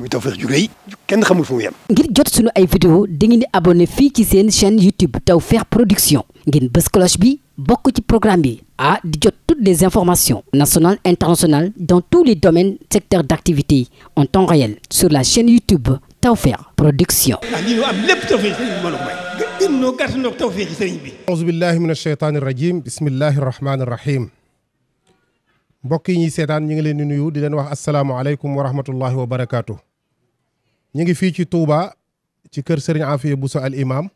muy kenn xamul fu mu ngir jot sunu ay vidéo dangeen di abonné fii ci seen chaîne YouTube Tawfekh Production ngeen bës cloche bi bokk ci programme bi ah di jot toutes les informations nationales internationales dans tous les domaines secteurs d'activité en temps réel sur la chaîne YouTube Tawfekh Production. ah lii ñu am lépp Tawfekh sëriñ bi mbooloo mooy. gën gën ñoo gàtt ñoo Tawfekh sëriñ bi. auzu billahi mina shaytaani rajim bismillahi rahmaani rahim. yi ñuy seetaan ñu ngi leen di nuyu di leen wax asalaamaaleykum wa rahmatullahi wa ñu ngi fii ci Touba ci kër Serigne Afia Bousso al imam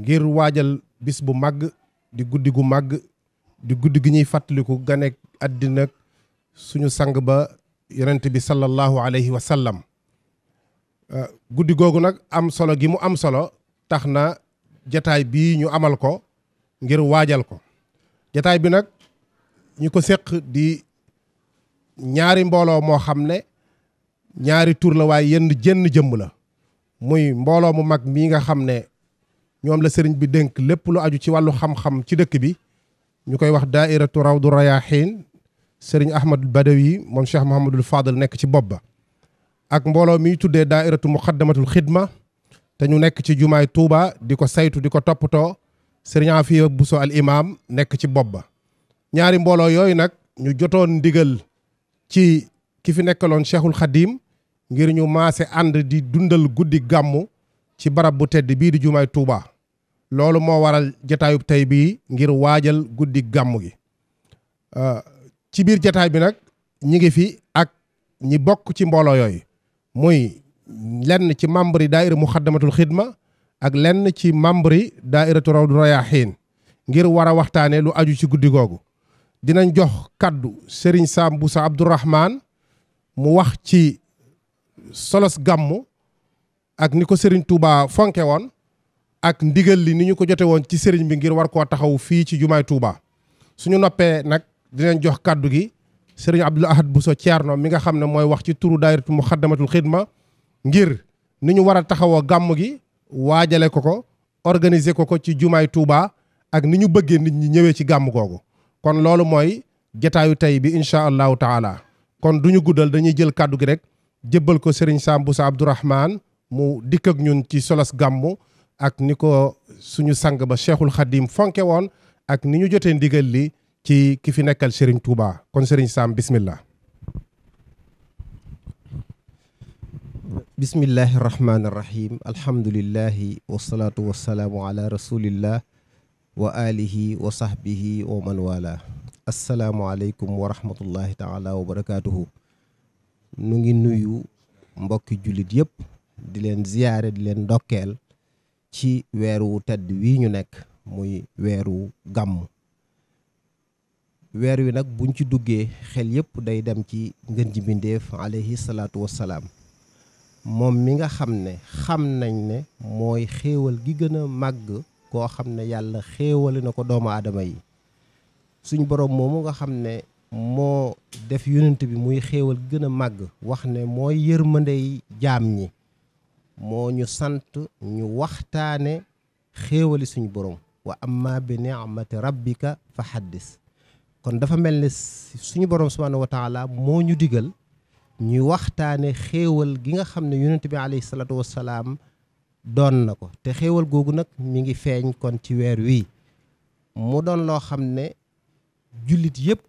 ngir waajal bis bu màgg di guddi gu màgg di guddi gi ñuy fàttaliku ganek addina suñu sang ba yonent bi sallallahu alayhi wa sallam euh, guddi googu nag am solo gi mu am solo tax na jataay bi ñu amal ko ngir waajal ko jataay bi nag ñu ko séq di ñaari mbooloo moo xam ne ñaari tuur la waaye yenn jenn jëmm la muy mbooloo mu mag mii nga xam ne ñoom la sëriñ bi dénk lépp lu aju ci wàllu xam-xam ci dëkk bi ñu koy wax daairatu rawdu rayaxiin sëriñ ahmadul badawi moom cheikh mohamadul fadal nekk ci bopp ba ak mbooloo miy tuddee daairatu muqaddamatul xidma te ñu nekk ci jumaay tuuba di ko saytu di ko toppatoo sëriñ afiya buso al imam nekk ci bopp ba ñaari mbooloo yooyu nag ñu jotoon ndigal ci ki fi nekkaloon cheikhul xadim ngir ñu maase ànd di dundal guddi gàmmu ci barab bu tedd bii di jumaay Touba loolu moo waral jataayub tey bii ngir waajal guddi gàmmu gi euh, ci biir jataay bi nag ñi ngi fi ak ñi bokk ci mbooloo yooyu muy lenn ci membre yi daayira muxaddamatul xidma ak lenn ci membre yi daayiratu rawdu rayaaxiin ngir war a waxtaane lu aju ci guddi googu dinañ jox kaddu sëriñ Sam Boussa Abdourahman mu wax ci solos gàmmu ak ni ko Serigne Touba fonke woon ak ndigal li ni ñu ko jote woon ci Serigne bi ngir war koo taxaw fii ci jumaay Touba suñu noppee nag dinañ jox kàddu gi Serigne Abdoul Ahad Bousso Thierno mi nga xam ne mooy wax ci turu daayiratu Muxaddamatul Xidma ngir ni ñu war a taxawoo gàmm gi waajale ko ko organiser ko ko ci jumaay Touba ak ni ñu bëggee nit ñi ñëwee ci gàmm googu kon loolu mooy jataayu tey bi incha allahu taala kon du ñu guddal dañuy jël kàddu gi rek. jébbal ko Serigne Sam Boussa Abdourahman mu dikk ak ñun ci solos gàmmu ak ni ko suñu sang ba Cheikhul Khadim fonke woon ak ni ñu jotee ndigal li ci ki fi nekkal Serigne Touba kon Serigne Sam bismillah bismillahi rahmaani rahim alhamdulillahi wasalaatu wasalaamu ala rasulillah wa alihi wa sahbihi wa man wala asalaamualeykum wa rahmatullahi taala wa barakatuhu nu ngi nuyu mbokki jullit yépp di leen ziyaare di leen ndokkeel ci weeru tedd wi ñu nekk muy weeru gàmm weer wi nag buñ ci duggee xel yëpp day dem ci ngën ji mbindéef aleyhi salaatu wassalaam moom mi nga xam ne xam nañ ne mooy xéewal gi gëna màgg koo xam ne yàlla xéewale na ko doomu aadama yi suñ boroom moomu nga xam ne moo def yonent bi muy xéewal gën a màgg wax ne mooy yërmandey jaam ñi moo ñu sant ñu waxtaane xéewali suñu borom wa amma bi ni'mati rabbika fa haddis kon dafa mel ne suñu borom subhaanahu wa moo ñu digal ñu waxtaane xéewal gi nga xam ne yonent bi alayhi salaatu wassalaam doon na ko te xéewal googu nag mi ngi feeñ kon ci weer wii mu doon loo xam ne jullit yëpp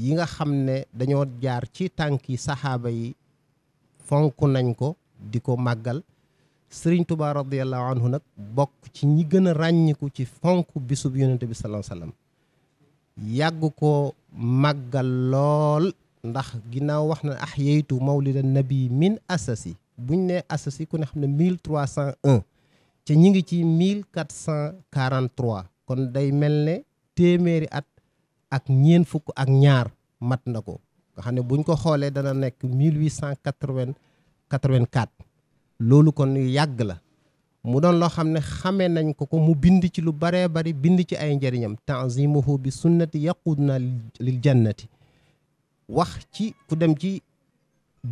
yi nga xam ne dañoo jaar ci tànki saxaaba yi fonk nañ ko di ko màggal sëriñ Tuubaa radiyallahu anhu nag bokk ci ñi gën a ràññiku ci fonk bisub yonente bi sallallahu alayhi yàgg ko màggal lool ndax ginnaaw wax na ah yeytu mawlida nabi min asasi buñ ne assasi ku ne xam ne 1301 te ñi ngi ci 1443 kon day mel ne téeméeri at ak ñeen fukk ak ñaar mat na ko nga xam ne buñ ko xoolee dana nekk 1884 loolu kon yàgg la mu doon loo xam ne xamee nañ ko ko mu bind ci lu baree bari bind ci ay njëriñam tanzimuhu bi sunnati yaquduna lil jannati wax ci ku dem ci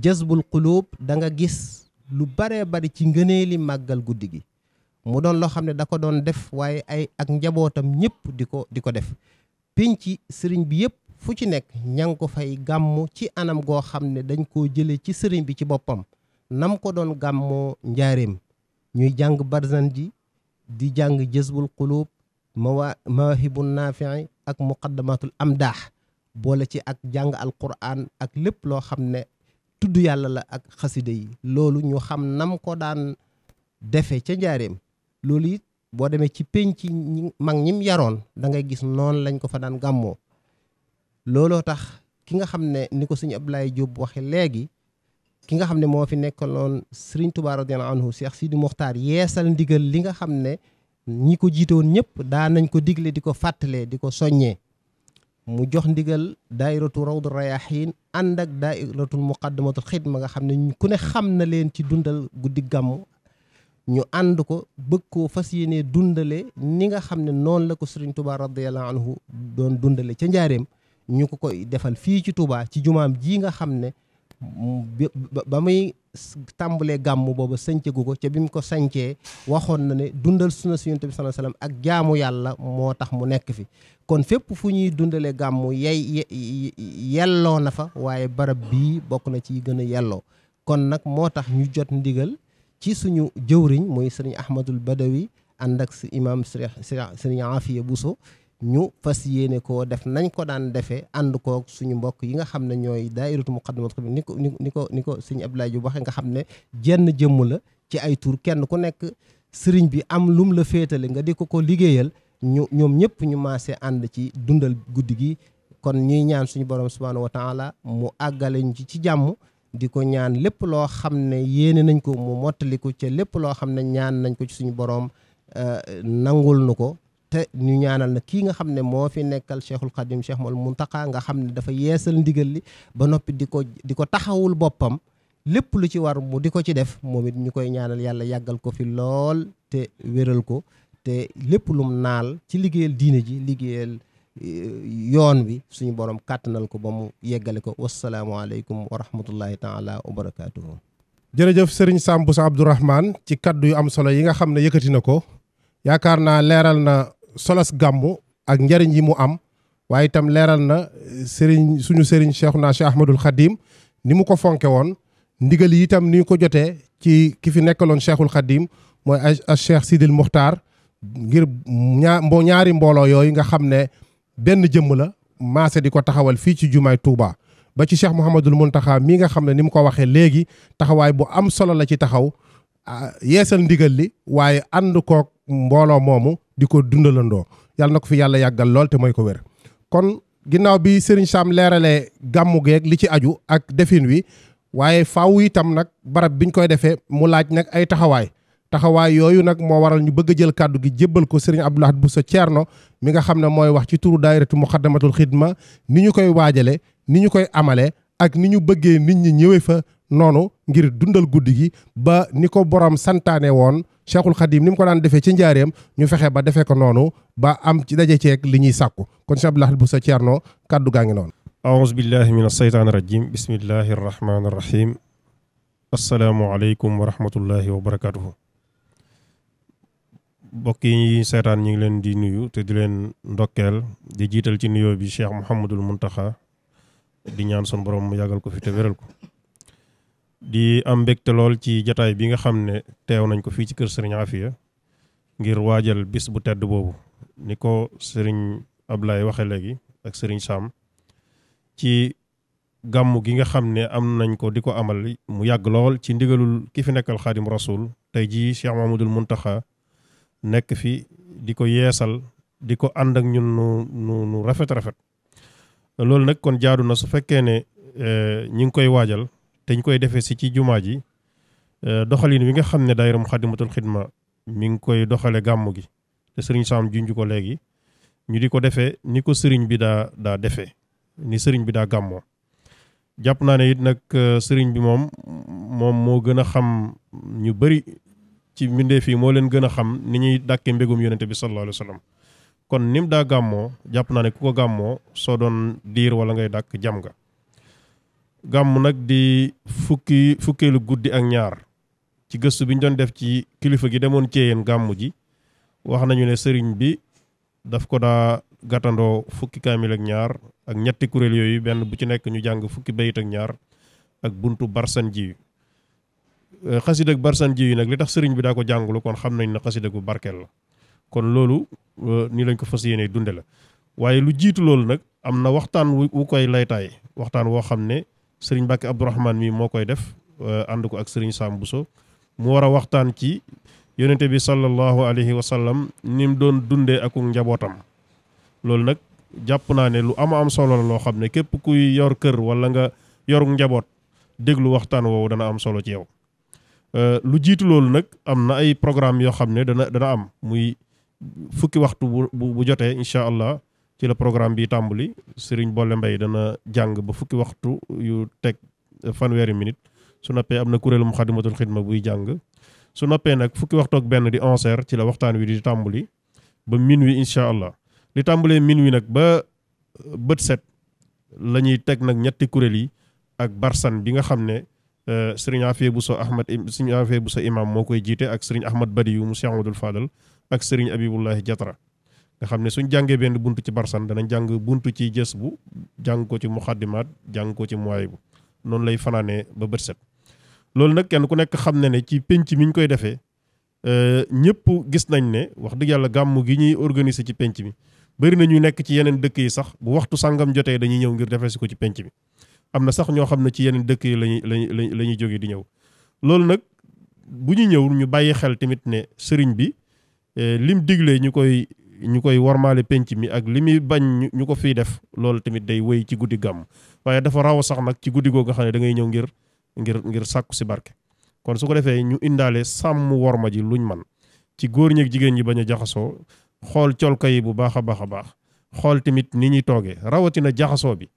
jazbul qulub da nga gis lu baree bari ci ngëneeli màggal guddi gi mu doon loo xam ne da ko doon def waaye ay ak njabootam ñëpp di ko di ko def ci sëriñ bi yëpp fu ci nekk ña ko fay gàmmu ci anam goo xam ne dañ koo jële ci sëriñ bi ci boppam nam ko doon gàmmoo njaareem ñuy jàng barzan ji di jàng jësbul xuluub mawa mawaahibu naafi'i ak am amdaax boole ci ak jàng alquran ak lépp loo xam ne tudd yàlla la ak xasida yi loolu ñu xam nam ko daan defe ca njaareem loolu it boo demee ci penc ñi mag ñi mu yaroon da ngay gis noonu lañ ko fa daan gàmmoo looloo tax ki nga xam ne ni ko suñu Abdoulaye Diop waxe léegi ki nga xam ne moo fi nekkaloon Serigne Touba radiyallahu anhu Cheikh Sidi Mokhtar yeesal ndigal li nga xam ne ñi ko jiite woon ñëpp daa nañ ko digle di ko fàttalee di ko soññee mu jox ndigal daairatu rawdu rayahin ànd ak daairatul muqaddamatul xidma nga xam ne ku ne xam na leen ci dundal guddi gàmmu ñu ànd ko bëgg koo fas yéene dundale ni nga xam ne noonu la ko sëriñ Touba radiyallahu anhu doon dundale ca njaareem ñu ko koy defal fii ci Touba ci jumaam ji nga xam ne ba muy tàmbalee gàmm booba sañcagu ko ca bi mu ko sañcee waxoon na ne dundal sunna si Yonent bi sallallahu ak jaamu yàlla moo tax mu nekk fi kon fépp fu ñuy dundalee gàmm yay yelloo na fa waaye barab bii bokk na ci gën a yelloo kon nag moo tax ñu jot ndigal ci suñu jëwriñ mooy sëriñ ahmadul badawi ànd ak si imaam sëriñ afiya buso ñu fas yéene ko def nañ ko daan defee ànd koog suñu mbokk yi nga xam ne ñooy daairatu muqaddimatul xidma ni ko ni ko ni ko sëriñ Abdoulaye Diop waxee nga xam ne jenn jëmm la ci ay tur kenn ku nekk sëriñ bi am lum la féetale nga di ko ko liggéeyal ñu ñoom ñëpp ñu maase ànd ci dundal guddi gi kon ñuy ñaan suñu borom subhaanahu wa taala mu àggale ñu ci ci jàmm di ko ñaan lépp loo xam ne yéene nañ ko mu mottaliku ca lépp loo xam ne ñaan nañ ko ci suñu boroom euh, nangul nu ko te ñu ñaanal na kii nga xam ne moo fi nekkal cheikhul xadim cheikh mu muntaka nga xam ne dafa yeesal ndigal li ba noppi di ko di ko taxawul boppam lépp lu ci war mu di ko ci def moom it ñu koy ñaanal yàlla yàggal ko fi lool te wéral ko te lépp lum naal ci liggéeyal diine ji liggéeyal yoon bi suñu borom kàttanal ko ba mu yeggale ko wasalaamualeykum wa rahmatullahi taala wa barakaatuhu. jërëjëf sëriñ Sam Bousso Abdourahmane ci kaddu yu am solo yi nga xam ne yëkkati na ko yaakaar naa leeral na solas gàmmu ak njariñ yi mu am waaye itam leeral na sëriñ suñu sëriñ Cheikhuna Cheikh Ahmadul Khadim ni mu ko fonke woon ndigal yi itam ni ko jotee ci ki fi nekkaloon Cheikhul Khadim mooy ay Cheikh Sidil Muxtaar ngir ñaa mbo ñaari mbooloo yooyu nga xam ne. benn jëmm la maase di ko taxawal fii ci jumaay tuubaa ba ci Cheikh Mouhamadul Mountakha mii nga xam ne ni mu ko waxee léegi taxawaay bu am solo la ci taxaw yeesal ndigal li waaye ànd kook mbooloo moomu di ko dundalandoo yàlla na ko fi yàlla yàggal lool te mooy ko wér. kon ginnaaw bi Serigne Sam leerale gàmmu geeg li ci aju ak defin wi waaye faaw itam nag barab biñ koy defee mu laaj nag ay taxawaay taxawaay yooyu nag moo waral ñu bëgg a jël kàddu gi jébbal ko sëriñ Abdou Lahad Bousso Thierno mi nga xam ne mooy wax ci turu daayiratu muqaddamatul xidma ni ñu koy waajale ni ñu koy amale ak ni ñu bëggee nit ñi ñëwee fa noonu ngir dundal guddi gi ba ni ko borom santaane woon Cheikhul Khadim ni mu ko daan defee ci njaareem ñu fexe ba defee ko noonu ba am ci daje ceeg li ñuy sàkku kon Cheikh Abdou Lahad Bousso Thierno kàddu gaa ngi noonu aouzu billahi min asheytaan irajim bismillahi arrahmani irrahim asalaamu aleykum wa rahmatullahi wa barakatuhu mbokk yi seetaan ñu ngi leen di nuyu te di leen ndokkeel di jiital ci nuyoo bi Cheikh Mouhamadul Mountakha di ñaan sun borom mu yàggal ko fi te wéral ko. di am mbégte lool ci jataay bi nga xam ne teew nañ ko fii ci kër Serigne Afia ngir waajal bis bu tedd boobu ni ko Serigne Ablaye waxe léegi ak Serigne Sam ci gàmm gi nga xam ne am nañ ko di ko amal mu yàgg lool ci ndigalul ki fi nekkal xaadim rasul tey jii Cheikh Mouhamadul Mountakha. nekk fi di ko yeesal di ko ànd ak ñun nu nu rafet rafet loolu nag kon jaadu na su fekkee ne eh, ñi ngi koy waajal te ñu koy defee si ci jumaa ji eh, doxalin wi nga xam ne daayira Muxaddamatul Xidma mi ngi koy doxale gàmmu gi te sëriñ Sam junj ko léegi ñu di ko defee ni ko sëriñ bi daa daa defee ni sëriñ bi daa gàmmoo jàpp naa ne it nag eh, sëriñ bi moom moom moo gën a xam ñu bari ci mbindeef yi moo leen gën a xam ni ñuy dàkke mbégum yonente bi sallallahu alayhi wa sallam kon nim daa gàmmoo jàpp naa ne ku ko gàmmoo soo doon diir wala ngay dàkk jam nga gàmm nag di fukki fukkeelu guddi ak ñaar ci gëstu bi ñu doon def ci kilifa gi demoon ceeyeen gàmm ji wax nañu ne sëriñ bi daf ko daa gàttandoo fukki kaamil ak ñaar ak ñetti kuréel yooyu benn bu ci nekk ñu jàng fukki bayit ak ñaar ak buntu barsan ji Euh, xasida ak barsan ji yi nag li tax sëriñ bi daa ko jàngulu kon xam nañ ne xasida gu barkeel la kon loolu euh, nii lañ ko fas yéene dunde la waaye lu jiitu loolu nag am na waxtaan wu koy laytaay waxtaan woo xam ne sëriñ Mbàkke Abdourahman mi moo koy def euh, ànd ko ak sëriñ Sam Bousso mu war a waxtaan ci yonente bi sallallahu alayhi wa sallam ni mu doon dundee ak njabootam loolu nag jàpp naa ne lu ama am solo la loo xam ne képp kuy yor kër wala nga yor njaboot déglu waxtaan woowu dana am solo ci yow Euh, lu jiitu loolu nag am na ay programme yoo xam ne dana dana am muy fukki waxtu bu bu jotee incha allah ci la programme bi tàmbali Serigne Bolle mbay dana jàng ba fukki waxtu yu teg euh, fanweeri minute su noppee am na kuréelu Muxaddamatul Xidma buy jàng su noppee nag fukki waxtu benn di onze heures ci la waxtaan wi di tàmbali ba minuit incha allah li tàmbalee minuit nag ba euh, bët set la teg nag ñetti kuréel yi ak barsan bi nga xam ne sëriñ Afia Bousso Ahmad sëriñ bu Bousso imaam moo koy jiite ak sëriñ Ahmad Badiyu mu Cheikh Amadou Fadal ak sëriñ Abibullahi Jatra nga xam ne suñ jàngee benn buntu ci barsan danañ jàng bunt ci jës bu jàng ko ci muxaddimaat jàng ko ci muwaay bu noonu lay fanaanee ba bët set loolu nag kenn ku nekk xam ne ne ci pénc mi ñu koy defee euh, ñëpp gis nañ ne wax dëgg yàlla gàmmu gi ñuy organiser ci penc mi bëri na ñu nekk ci yeneen dëkk yi sax bu waxtu sàngam jotee dañuy ñëw ngir defee ko ci penc mi am na sax ñoo xam ne ci yeneen dëkk yi lañuy lañuy la ñuy jóge di ñëw loolu nag bu ñu ñëw ñu bàyyi xel tamit ne sëriñ bi eh, lim diglee ñu koy ñu koy warmaale penc mi ak li muy bañ ñu ko fiy def loolu tamit day wéy ci guddi gàmm waaye dafa raw sax nag ci guddi googu nga xam ne da ngay ñëw ngir ngir ngir sàkku si barke. kon su ko defee ñu indaale sàmm worma ji luñ man ci góor ñeeg jigéen ñi bañ a jaxasoo xool colka yi bu baax a baax a baax xool tamit ni ñuy toogee rawatina jaxasoo bi.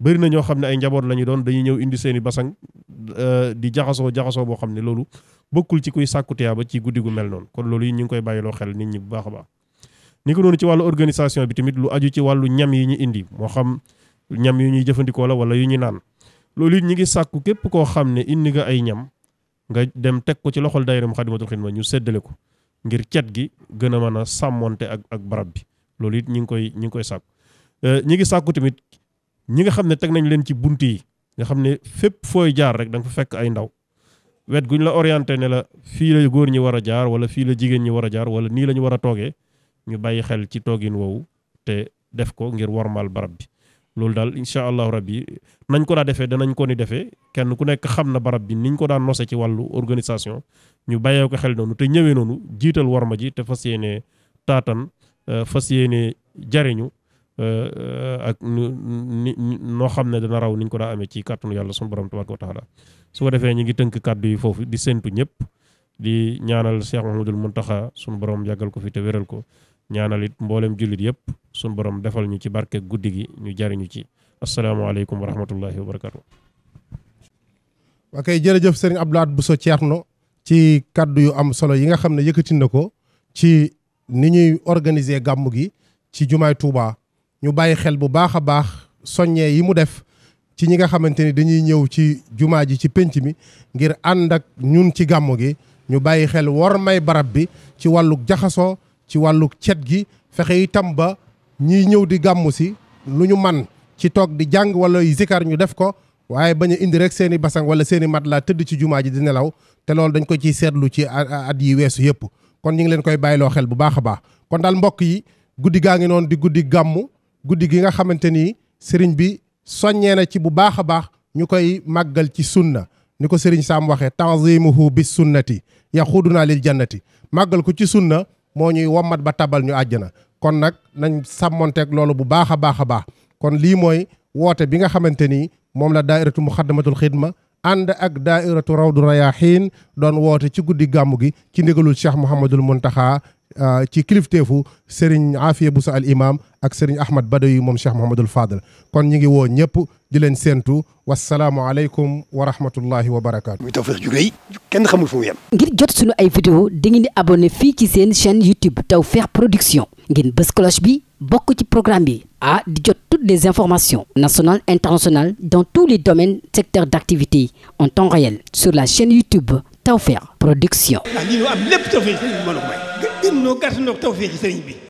bëri na ñoo xam ne ay njaboot la ñu doon dañuy ñëw indi seen i basang euh, di jaxasoo jaxasoo boo xam ne loolu bokkul ci kuy sàkku ba ci guddi gu mel noonu kon loolu yi ñu ngi koy bàyyiloo xel nit ñi bu baax a baax ko noonu ci wàllu organisation bi tamit lu aju ci wàllu ñam yi ñu indi moo xam ñam yu ñuy jëfandikoo la wala yu ñu naan loolu it ñu ngi sàkku képp koo xam ne indi nga ay ñam nga dem teg ko ci loxol daayira Moukhaddamatoul Khidma ñu séddale ko ngir cet gi gën a mën a sàmmonte ak ak barab bi loolu it ñi ngi koy ñi ngi koy sàkku euh, ñi nga xam ne teg nañ leen ci bunt yi nga xam ne fépp fooy jaar rek danga nga fa fekk ay ndaw wet guñ la orienté ne la fii la góor ñi war a jaar wala fii la jigéen ñi war a jaar wala nii lañu war a toogee ñu bàyyi xel ci toogin woowu te def ko ngir wormaal barab bi loolu daal incha allahu rabbi nañ ko daa defee danañ ko ni defee kenn ku nekk xam na barab bi niñ ko daan nose ci wàllu organisation ñu bàyyee ko xel noonu te ñëwee noonu jiital warma ji te fas yéene taatan euh, fas yéene jariñu Euh, euh, ak nu ni noo xam ne dana raw ni ñu ko daa amee ci kàttanu yàlla sunu borom tabaaraka wa taala su ko defee ñu ngi tënk kàddu yi foofu di séntu ñëpp di ñaanal Cheikh Mahmadul Muntaxa sunu borom yàggal ko fi te wéral ko ñaanal it mboolem jullit yëpp sunu borom defal ñu ci barke guddi gi ñu jariñu ci asalaamaaleykum wa rahmatullahi wa barakatu. waa kay jërëjëf sëriñ Abdou Lahad Bousso Thierno ci kàddu yu am solo yi nga xam ne yëkkati na ko ci ni ñuy organiser gàmmu gi ci jumaay Touba. ñu bàyyi xel bu baax a baax soññee yi mu def ci ñi nga xamante ni dañuy ñëw ci jumaa ji ci pénc mi ngir ànd ak ñun ci gàmmu gi ñu bàyyi xel war may barab bi ci wàllu jaxasoo ci wàllu cet gi fexe itam ba ñiy ñëw di gàmmu si lu ñu man ci toog di jàng wala zikar ñu def ko waaye bañ a indi rek seen i wala seen i mat laa tëdd ci jumaa ji di nelaw te loolu dañ ko ci seetlu ci at yi weesu yëpp kon ñu ngi leen koy bàyyiloo xel bu baax a baax kon daal guddi gi nga xamante ni sëriñ bi soññee na ci bu baax a baax ñu koy màggal ci sunna ni ko sëriñ Saam waxee tanzimuhu bis sunnati yaxuduna lil ti màggal ko ci sunna moo ñuy wommat ba tabal ñu àjjana kon nag nañ sàmmonteeg loolu bu baax a baax a baax kon lii mooy woote bi nga xamante ni moom la daairatu muxaddamatul xidma ànd ak daairatu rawdu rayaxiin doon woote ci guddi gàmmu gi ci ndigalul cheikh mun taxaa Euh, ci kilifteefu Serigne Afia Bousso al imam ak Serigne Ahmad Badawi moom Cheikh Mouhamadul Fadal kon ñu ngi woo ñëpp di leen séentu wasalaamualeykum wa rahmatullahi wa barakaatu. muy Tawfekh ju rëy kenn xamul fu mu ngir jot sunu ay vidéo dangeen di abonné fii ci seen chaîne YouTube Tawfekh Production ngeen bës bi bokk ci programme bi ah di jot toutes des informations national internationales dans tous les domaines secteurs d'activité en temps réel sur la Tawfekh Production. ah lii am lépp tawfeer ci sëriñ bi mën a may. gën noo tawfeer ci sëriñ bi.